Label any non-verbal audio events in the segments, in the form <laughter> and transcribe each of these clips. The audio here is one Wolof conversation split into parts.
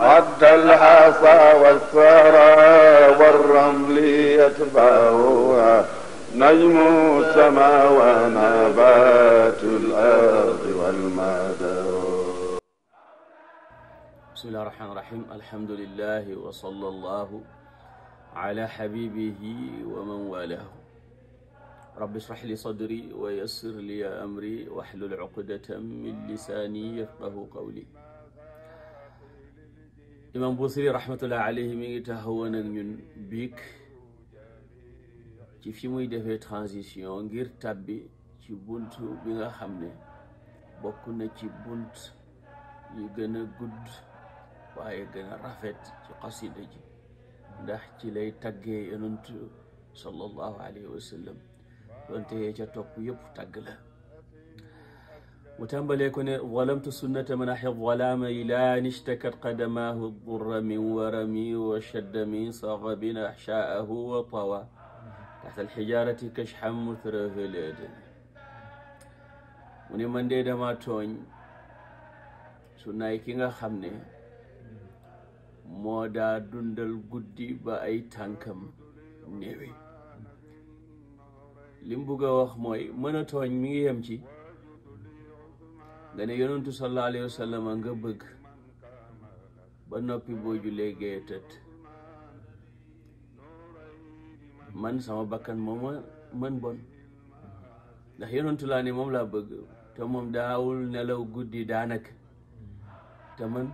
عد الحافى والثرى والرمل يتبعها نجم السما ونبات الأرض والمدر بسم الله الرحمن الرحيم الحمد لله وصلى الله على حبيبه ومن والاه رب اشرح لي صدري ويسر لي أمري واحلل عقدة من لساني يفقه قولي imam Busiri rahmatullah alayhi mi ngi taxawoon ak ñun biig ci fi muy defee transition ngir tàbbi ci bunt bi nga xam ne bokk na ci bunt yi gën a gudd waaye gën a rafet ci xasida ji ndax ci lay taggee yonent sallallahu alayhi wa sallam donte yee ca topp yëpp tagg la mu tàmbalee ko ne walamtu sunnata man axi walaama ilaan ishtakat qadamaahu durra min warami wa shadda min saxabin axshaahu wa tawa taxta alxijaarati kashxan mutrahalatan mu ne man dee dama tooñ sunnaay ki nga xam ne moo daa dundal guddi ba ay tànkam néewi li mu a wax mooy mën tooñ mi ngi yem ci nga ne yonentu sallallahu alayhi wa sallam nga bëgg ba noppi boo julee gee tët man sama bakkan moom man bon ndax yonentu laa ne moom laa bëgg te moom daawul nelaw guddi daanaka te man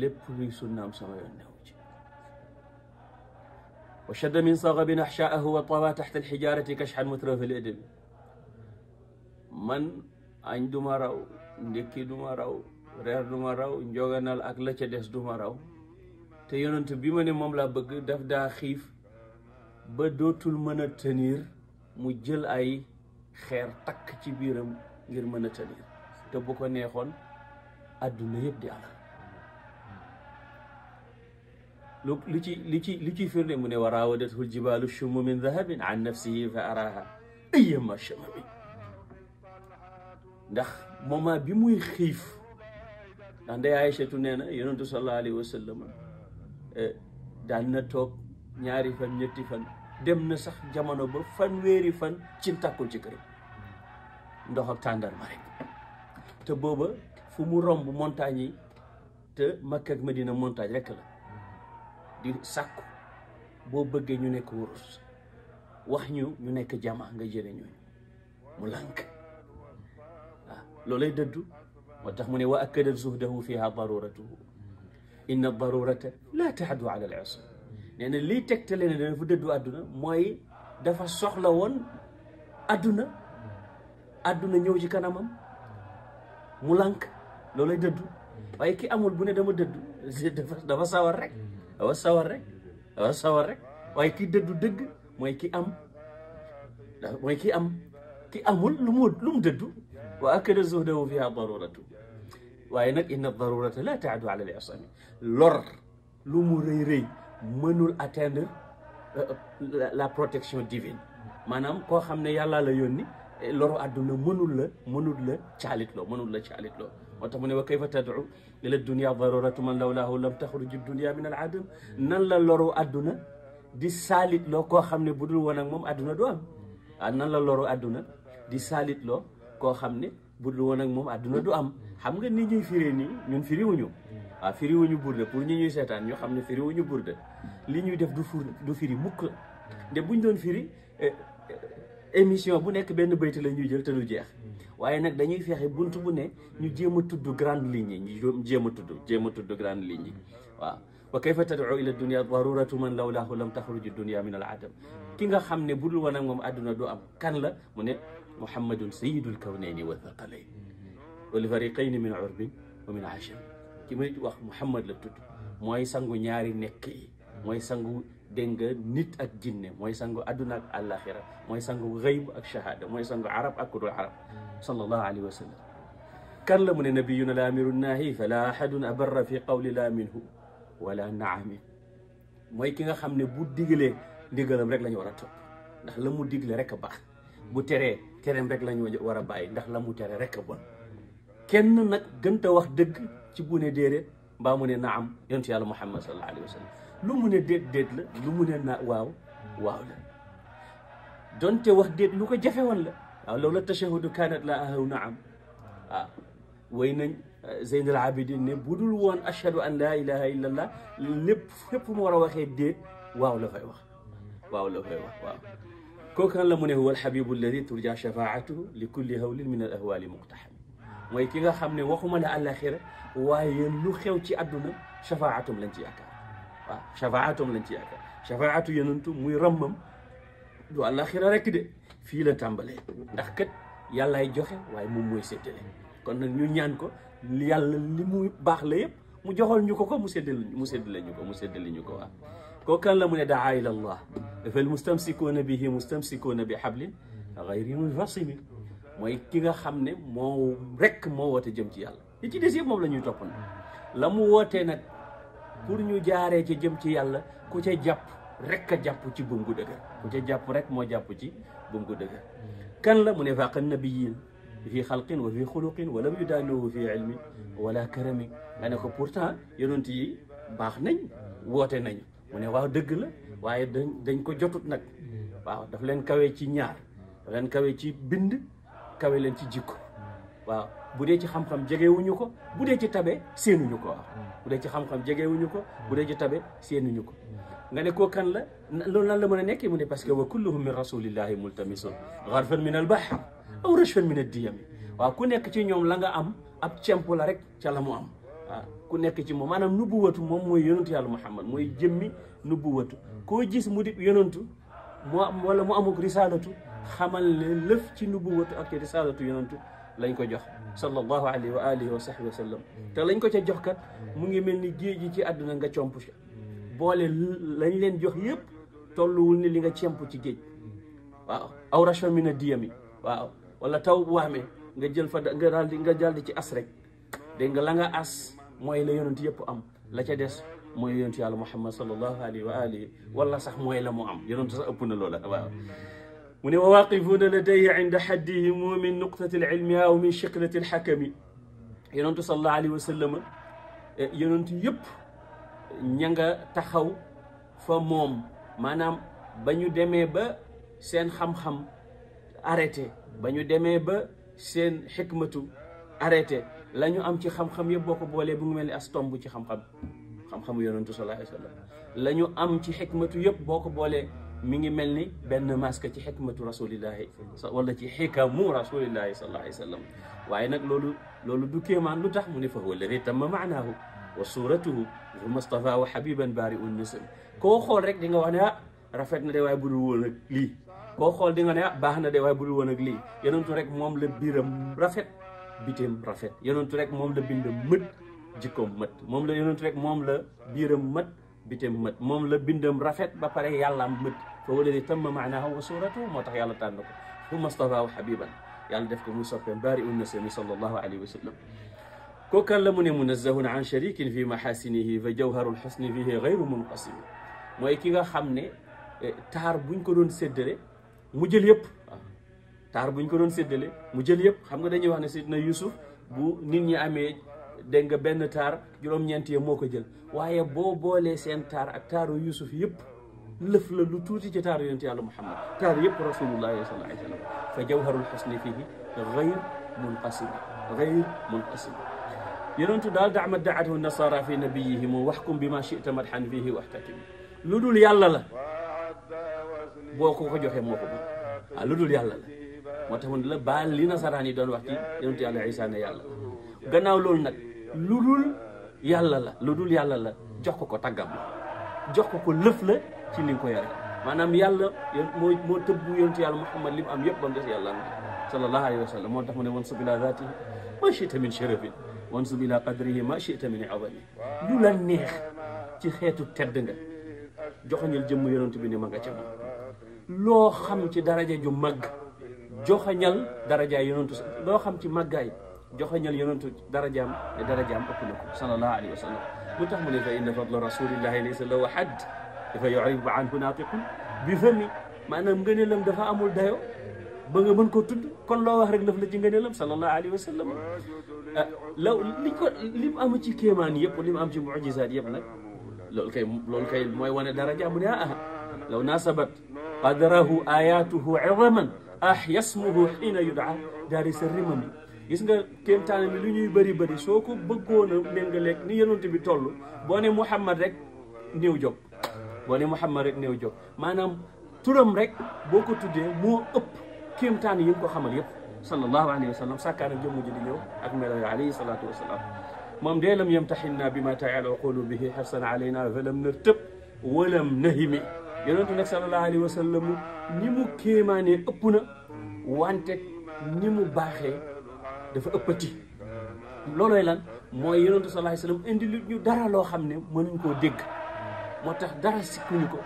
lépp luy sunnaam sama yoon newu ci wa shadda min saxabin axshaahu wa tawa taxta alxijarati kashxan mutrafa al adami man añ du ma raw du ma reer du ma njoganal ak la ca des du ma te yonent bi ma ne moom laa bëgg daf daa xiif ba dootul mën a tenir mu jël ay xeer takk ci biiram ngir mën a tenir te bu ko neexoon àdduna yëpp di ala lu li ci li ci li ci firnde mu ne wa raawadathu ljibaalu shummu min dahabin an nafsihi fa araha ayyama shamami ndax moment bi muy xiif ndax ndey Aysatu nee na yonentu sallallahu alayhi wa sallam eh, daan na toog ñaari fan ñetti fan dem na sax jamono ba fanweeri fan ci takkul ci kër ndox ak tàndarma rek te booba fu mu romb montagne yi te Makka ma dina montagne rek la di sàkku boo bëggee ñu nekk wurus wax ñu ñu nekk jama nga jële ñooñu mu lànk loolay dëddu moo tax mu ne wa akkada zuhdahu fiha daruratuhu inna darurata la tahdu ala al isr nee na lii tegtale ne dëddu àdduna mooy dafa soxla woon àdduna àdduna ñëw ci kanamam mu lànk loolay dëddu waaye ki amul bu ne dama dëddu <laughs> dafa dafa sawar dafa sawar rek dafa sawar rek waaye ki dëddu dëgg mooy ki am mooy ki am ki amul lu mu lu dëddu wa akada zuhdahu fiha daruratu waaye nag inna darurata la taadu ala lisani lor lu mu rëy rëy mënul atteindre la protection divine maanaam koo xam ne yàlla la yónni loru àdduna mënul la mënul la caalitloo mënul la caalitloo moo tax mu ne wa kayfa tad'u ila dunia daruratu man lawlaahu lam taxruj dunia min al adam nan la loru àdduna di saalitloo koo xam ne bu dul woon ak moom àdduna du am ah nan la loru àdduna di saalitloo koo xam ne budul woon ak moom àdduna du am xam nga ni ñuy firee nii ñun firiwuñu waaw firiwuñu burde pour ñu ñuy seetaan ñu xam ne firiwuñu burde li ñuy def du fur du firi mukk nde buñ doon firi eh, eh, émission bu nekk benn bayt la ñuy jël te du jeex waaye nag dañuy fexe bunt bu ne ñu jéem a tudd grande ligne yi ñu jéem a tudd jéem a tudd grande ligne yi waaw wa kayfa tad'u ila dunia daruratu man lawlaahu lam taxruju dunia min al adam ki nga xam ne bu woon ak moom àdduna du am kan la mu ne muhammadun sayidul kawnayni wa thaqalayn wa li fariqayni min urbin wa min ajam ki may wax muhammad la tudd mooy sangu ñaari nekk yi mooy sangu dégg nga nit ak jinne mooy sangu adduna ak àllaaxira mooy sangu xayb ak shahada mooy sangu arab ak kudul arab sallallahu alayhi wa sallam kan la mu ne nabiyuna laamiru naahi fala ahadun abarra fi qawli laa minhu wala naamin mooy ki nga xam ne bu digalee ndigalam rek la ñu war a topp ndax la mu digle rek a baax bu teree tereem rek la ñu war a bàyyi ndax la mu tere rek bon kenn nag gënta wax dëgg ci bu ne déedéet mbaa mu ne naam yontu yàlla muhammad sallallahu alayhi wa sallam lu mu ne déet déet la lu mu ne na waaw waaw donte wax déet lu ko jafe woon la waaw loolu la tashahudu la ahaw naam waaw way nañ euh, Zeyn al Abidin bu dul woon ashhadu an laa ilaha illa allah lépp fépp mu war waxee déet waaw la fay wax waaw la fay wax waaw kooku kan la mu ne huwa alxabibu alladi turja shafaatuhu li kulli hawlin min al ahwaali mooy ki nga xam ne waxuma la àllaxira waaye lu xew ci àdduna shafaatum lañ ci yaakaar waaw lañ ci yaakaar shafaatu yenantu muy ràmmam du àllaxira rek de fii la tàmbalee ndax kat yàllaay joxe waaye moom mooy séddale kon nag ñu ñaan ko yàlla li muy baax la yëpp mu joxal ñu ko ko mu séddale mu séddale ñu ko mu séddale ñu ko waaw kooku kan la mu ne daa ila allah dafal mustamsikuuna bihi mustamsikuuna bi hablin ghayri munfasimi mooy ki nga xam ne moo rek moo woote jëm ci yàlla li ci des yëpp moom la ñuy topp nag la mu wootee nag pour ñu jaaree ci jëm ci yàlla ku ca jàpp rek a jàpp ci buum ca jàpp rek moo jàpp ci buum gu kan la mu ne faaqa nabiyin fi xalqin wa fi xuluqin wa lam yudaanuhu fi ilmin wala karamin nga ne ko pourtant yonent yi baax nañ woote nañ mu ne waaw dëgg la waaye dañ dañ ko jotut nag waaw daf leen kawe ci ñaar daf leen kawe ci bind kawe leen ci jikko waaw bu dee ci xam-xam jegewuñu ko bu dee ci tabe seenuñu ko waaw bu dee ci xam-xam jegewuñu ko bu dee ci tabe seenuñu ko nga ne koo kan la loolu nan la mën a nekkee mu ne parce que wa kulluhum min rasulillahi multamisun gharfan min al bahr aw rashfan min ad waaw ku nekk ci ñoom la nga am ab cemp la rek ca la mu am Ah, ku nekk ci moom maanaam nubuwatu moom mooy yonantu yàlla muhammad mooy jëmmi nubuwatu koo jis mu di yonantu mu am wala mu amuk risalatu xamal ne lëf ci nubuwatu ak ci risalatu lañ ko jox sallallahu alayhi wa alihi wa sahbi te lañ ko ca jox kat mu ngi mel ni géej gi ci àdduna nga comp ci boole lañ leen jox yëpp tolluwul ni li nga cemp ci géej waaw aw rachon mi na diyami waaw wala taw waame nga jël fa nga daal di nga daal ci as dégg nga la nga as mooy la yonent yëpp am la ca des mooy yonent yàlla muhammad sallallahu alayhi wa alihi wala sax mooy la mu am yonent sax ëpp na loola waaw mu ne wa waaqifuuna ladayya inda xaddihimu min nuqtati alilmi aw min shiqlati alxakami yonentu sallallahu alayhi wa sallama eh, yonent yëpp ña nga taxaw fa moom maanaam ba ñu demee ba seen xam-xam arrêté ba ñu demee ba seen xikmatu arrêté la ñu am ci xam-xam yëpp boo ko boolee bu ngi mel ni as tomb ci xam-xam xam-xamu yonentu sallallahu alayhi la ñu am ci xikmatu yëpp boo ko boolee mi ngi mel ni benn masque ci xikmatu rasulillahi wala ci xikamu rasulillahi sallallahu alayhi wa sallam waaye nag loolu du kéemaan lu tax mu ne fa walari tamma maanaahu wa suratuhu fu mustafa wa habiban bari un nisam koo xool rek di nga wax ne ah, rafet na de waaye budul woon ak lii koo xool di nga ne ah baax na de waaye budul woon ak lii yonentu rek moom la biram rafet bitim rafet yonentu rek moom la bind mët jikkoom mët moom la yonentu rek moom la biiram mët bitim mët moom la bindam rafet ba pare yàllaam mët foo wala di tamma maanaahu wa suratu moo tax yàlla tànn ko fu mustafaahu habiban yàlla def ko muy soppeem baari un nasami sallallahu alayhi wa sallam kookan la mu ne munazzahun an sharikin fi mahasinihi fa jawharul xusni fihi gayru munqasimi mooy ki nga xam ne eh, taar buñ ko doon séddale mu jël yëpp taar buñ ko doon séddale mu jël yëpp xam nga dañuy wax ne sidna Yusuf bu nit ñi amee dégg nga benn taar juróom-ñeent ya moo ko jël waaye boo boolee seen taar ak taaru Yusuf yëpp lëf la lu tuuti ci taaru yonent yàlla Muhammad taar yëpp rasulullahi sallallahu alayhi wa sallam fa jawharul xusni fihi gayr munqasim gayr munqasim yonentu daal dama daatahu nasara fi nabiyihim waxkum bi ma chita madhan fihi waxtatim lu dul yàlla la boo ko ko joxee moo ko ba waaw lu dul yàlla la moo tax mu ne la baal li nasaraan yi doon wax ci yonent yàlla Isa ne yàlla gannaaw loolu nag lu dul yàlla la lu dul yàlla la jox ko ko tàggam la jox ko ko lëf la ci ni nga ko yore maanaam yàlla moo moo tëbbu yonent yàlla Muhammad li mu am yëpp ba mu des yàlla am sallallahu alayhi wa sallam moo tax mu ne wansub ila zaatihi ma chita min sharafin wansub ila qadrihi ma chita min azami lu la neex ci xeetu tedd nga joxoñal jëmm yonent bi ne ma nga ca moom loo xam ci daraja ju màgg joxañal darajaay yonantu loo xam ci màggaay joxañal yonantu darajaam ne darajaam ëpp na ko sallallahu alayhi wa sallam lu tax mu ne fa inna fadla rasulillahi laysa lahu hadd dafa yuribu anhu naatiqun bi fami maanaam ngëneelam dafa amul dayo ba nga mën ko tudd kon loo wax rek lëf la ci ngëneelam sallallahu alayhi wa sallam ah, law li ko li mu am ci kéemaan yëpp li mu am ci mujisaat yëpp nag loolu kay loolu kay mooy wane darajaam mu ne ah law nasabat qadrahu ayatuhu izaman ah yasmuhu xiina yudaa daal di sa rimam gis nga kéemtaane bi lu ñuy bëri bëri soo ko bëggoon a méngaleeg ni yonent bi toll boo ne Muhammad rek néew jóg boo ne Muhammad rek néew jóg maanaam turam rek boo ko tuddee moo ëpp kéemtaan yi nga ko xamal yëpp sallallahu alayhi wa sallam sàkkaana jëmm ji di ñëw ak melo yi alayhi salaatu wa salaam moom dee lam yamtaxinnaa bi ma taala qulubihi xirsan alayna falam nartab walam nahimi yonentu nag sallallahu alayhi wa sallam ni mu kéemaanee ëpp na wante ni mu baaxee dafa ëppati loolooy lan mooy yonentu sallallahu alayhi wa sallam indi lu ñu dara loo xam ne mënuñ koo dégg moo tax dara sikkuñu ko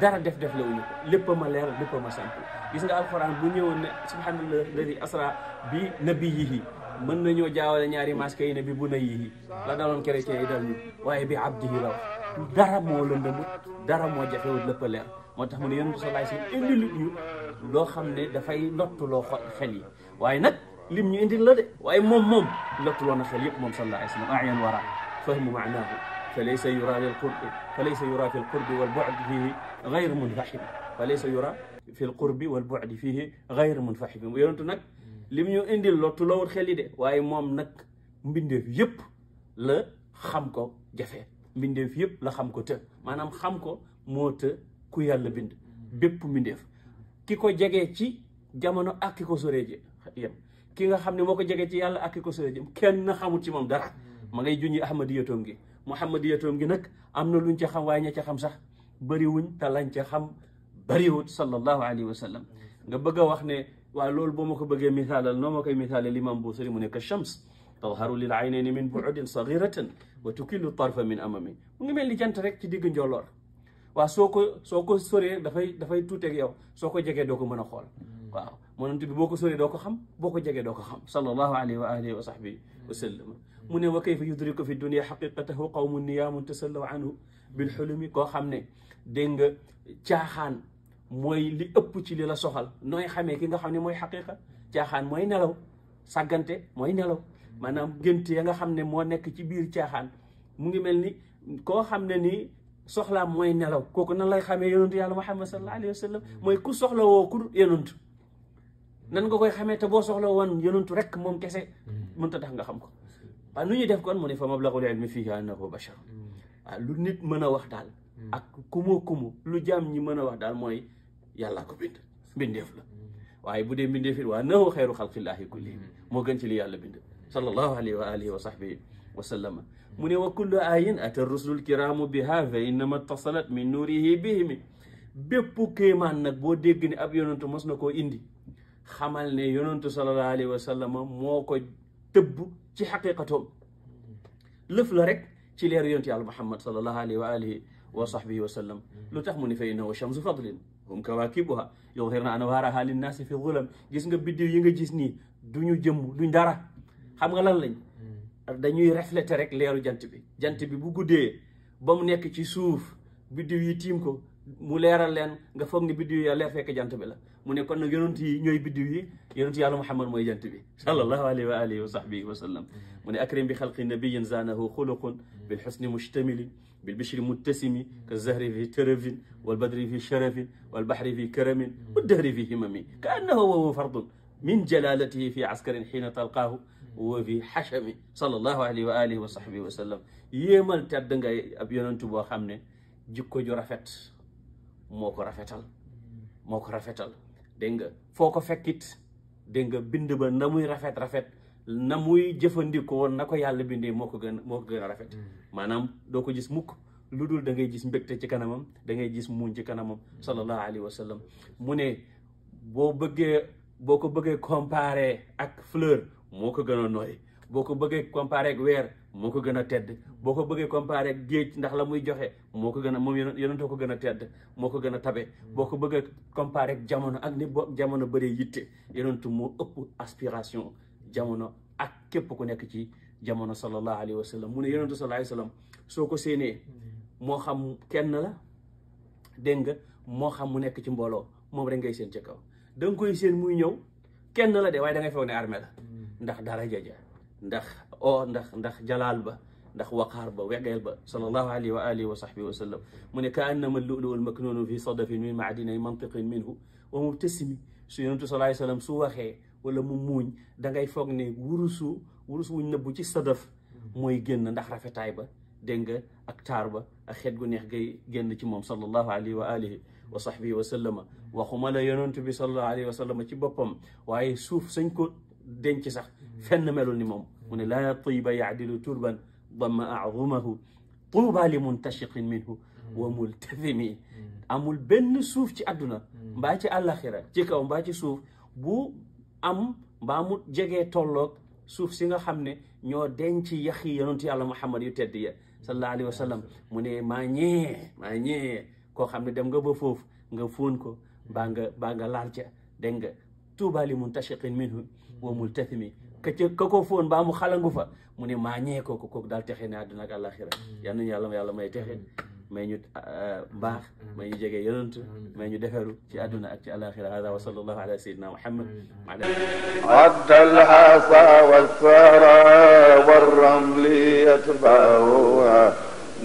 dara def def la wuñu ko lépp ma leer lépp ma sant gis nga alxuraan bu ñëwoon ne subhanallah ladi asra bi nabiyihi mën na nañoo jaawale ñaari masque yi ne bi bu na yihi la daloon chrétien yi dal ñu waaye bi abdihi la wax dara moo lëndëmut dara moo jafewut lépp a leer moo tax mu ne yonent sallallahu alayhi wasallam indi lu ñu loo xam ne dafay lottuloo xel yi waaye nag lim ñu indil la de waaye moom moom lottuloo na xel yëpp moom sallallahu alayhi wasallam ayan wara fahmu maanahu fa laysa yura lil qurbi fa laysa yura fi l qurbi wal bu'di fihi ghayr munfahim fa laysa yura fi l qurbi wal bu'di fihi ghayr munfahim yonentu nag lim ñu indil lottuloowut xel yi de waaye moom nag mbindeef yëpp la xam ko jafe mbindeef yëpp la xam ko të maanaam xam ko moo të ku yàlla bind bépp mbindeef ki ko jege ci jamono ak ki ko soree ji yem ki nga xam ne moo ko jege ci yàlla ak ki ko soree ji kenn xamul ci moom dara hmm. ma ngay junñi ahmadiyatoom gi muhammadiyatoom gi nag am na luñ ca xam waaye ña ca xam sax bariwuñ te lañ ca xam bëriwut sallallahu alayhi wa sallam hmm. nga bëgg a wax ne waaw loolu boo ma ko bëggee misaalal noo ma nekk shams tadharu lil aynayni min bu'din saghiratan wa tukillu tarfa min amami mel ni jant rek ci digg njolloor waaw soo ko soo ko soree dafay dafay tuuteeg yow soo ko jegee doo ko mën a xool hmm. waaw mënant bi boo ko soree doo ko xam boo ko jegee doo ko xam sallallahu alayhi wa alihi wa sahbihi wa sallam hmm. mu ne wa kayfa yudriku fi dunia xaqiqatahu qawmun niyaamun tasallaw anhu bil xulumi koo xam ne dégg nga caaxaan mooy li ëpp ci li la soxal nooy xamee ki nga xam ne mooy xaqiqa caaxaan mooy nelaw saggante mooy nelaw maanaam gént ya nga xam ne moo nekk ci biir caaxaan mu ngi mel ni koo xam ne nii soxlaa mooy nelaw kooku nan lay xamee yonantu yàlla muhammad sallallahu alayhi wa sallam mooy ku soxla woo ku yonantu nan nga koy xamee te boo soxla woon yonantu rek moom kese mm-hmm. mënut a tax nga xam ko waaw nu ñuy def kon mu ne fa mablagul ilmi fiihi annahu bashar mm-hmm. waaw lu nit mën a wax daal mm-hmm. ak kumu kumu lu jaam ñi mën a wax daal mooy yàlla ko bind mbindeef la waaye bu dee mbindeef it waa nahu xayru xalqillaahi kullihim moo gën ci li yàlla bind sallallahu alayhi wa alihi wa sahbihi wa sallama mu ne wa kullu ayin ata rusulul kiraamu biha fa innama tasalat min nuurihi bihimi bépp kéemaan nag boo dégg ne ab yonantu mos na koo indi xamal ne yonantu sallallahu alayhi wa sallama moo ko tëbb ci xaqiqatoom lëf la rek ci leer yonent yàlla muhammad sallallahu alayhi wa alihi wa sahbihi wa sallam lu tax mu ne fa innahu shamsu fadlin hum kawaakibuha yudhirna anwaaraha linnaasi fi zulam gis nga biddiw yi nga gis nii duñu jëmm duñ dara xam nga lan lañ hmm. dañuy refléter rek leeru jant bi jant bi bu guddee ba mu nekk ci suuf biddiw yi tiim ko mu leeral leen nga foog ni biddiw ya leer fekk jant bi la mu ne kon nag yonent yi ñooy biddiw yi yonent yàlla muhammad mooy jant bi hmm. sallallahu alayhi wa alihi wa sahbihi wa sallam hmm. mu ne akrim bi xalqi nabiyin zanahu xuluqun bil xusni mustamilin bil bishri muttasimi ka zahri fi tërëfin wal badri fi sharafin wal baxri fi karamin wa dahri fi himami ka annahu wa fardun min jalalatihi fi askarin xiina talqaahu wa fi xachami sallallahu alayhi wa alihi wa sahbihi wa sallam yéemal tedd nga ab yonentu boo xam ne jikko ju rafet moo ko rafetal moo ko rafetal dégg nga foo ko fekkit dégg nga bind ba na muy rafet-rafet na muy jëfandikoo na ko yàlla bindee moo ko gën moo gën a rafet mm. maanaam doo ko gis mukk lu dul da ngay gis mbégte ci kanamam da ngay gis muuñ kanamam sallallahu alayhi wa sallam mu ne boo boo ko bëggee comparer ak fleur moo ko gën a nooy boo ko bëggee comparer ak weer moo ko gën a tedd boo ko bëggee comparer ak géej ndax la muy joxe moo ko gën a moom yonentoo ko gën a tedd moo ko gën a tabe boo ko bëggee comparer jamono ak ni bo jamono bëree yitte yonentu moo ëpp aspiration jamono ak képp ku nekk ci jamono sallallahu alayhi wa mu ne yonentu sallallahu alayhi soo ko séenee moo xam kenn la dégg nga moo xam mu nekk ci mbooloo moom rek ngay seen ci kaw da nga koy seen muy ñëw kenn la de waaye da ngay foog ne armé mm. ndax dara jaja ndax o ndax ndax jalaal ba ndax waqaar ba wegeel ba sallallahu alayhi wa alihi wa sahbihi wa sallam mu ne ka annama allulu almaknunu fi sadafin min maadinay mantiqin minhu wa mubtasimi su yonentu sallallahu alayhi wa sallam su waxee wala mu muuñ da ngay foog ne wurusu wurus wuñ bu ci sadaf mm. mooy génn ndax rafetaay ba dégg nga ak taar ba ak xeet gu neex gay génn ci moom sallallahu alayhi wa alihi wa sahbihi wa sallama waxuma la yonentu bi sallallahu alayhi wa sallama ci boppam waaye suuf sañ ko denc sax fenn melul ni moom mu ne laa tiiba yaadilu turban dama azumahu tuuba li muntashiqin minhu wa multazimi amul benn suuf ci àdduna mbaa ci àllaxira ci kaw mbaa ci suuf bu am mbaa mu jegee tolloog suuf si nga xam ne ñoo denc yaxi yonentu yàlla muhammad yu tedd ya mu ne koo xam ne dem nga bo foofu nga fóon ko baa nga baa nga laal ca dégg nga tuubaa li muntashiqin minhu wa multathimi ka ca ka ko fóon baa mu xalangu fa mu ne maa ko ko kooku daal texe ne àdduna ak àllaaxira mm. yal nañu yàlla yàlla may texe mm. may ñu mbaax ah, mm. may ñu jege yonent may ñu deferu ci àdduna ak ci àllaaxira hada wa sallallahu ala sayyidina muhammad addal hasa wa sara wa ramli yatbauha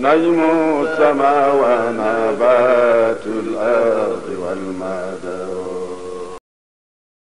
نجم السماء ونبات الأرض والمدى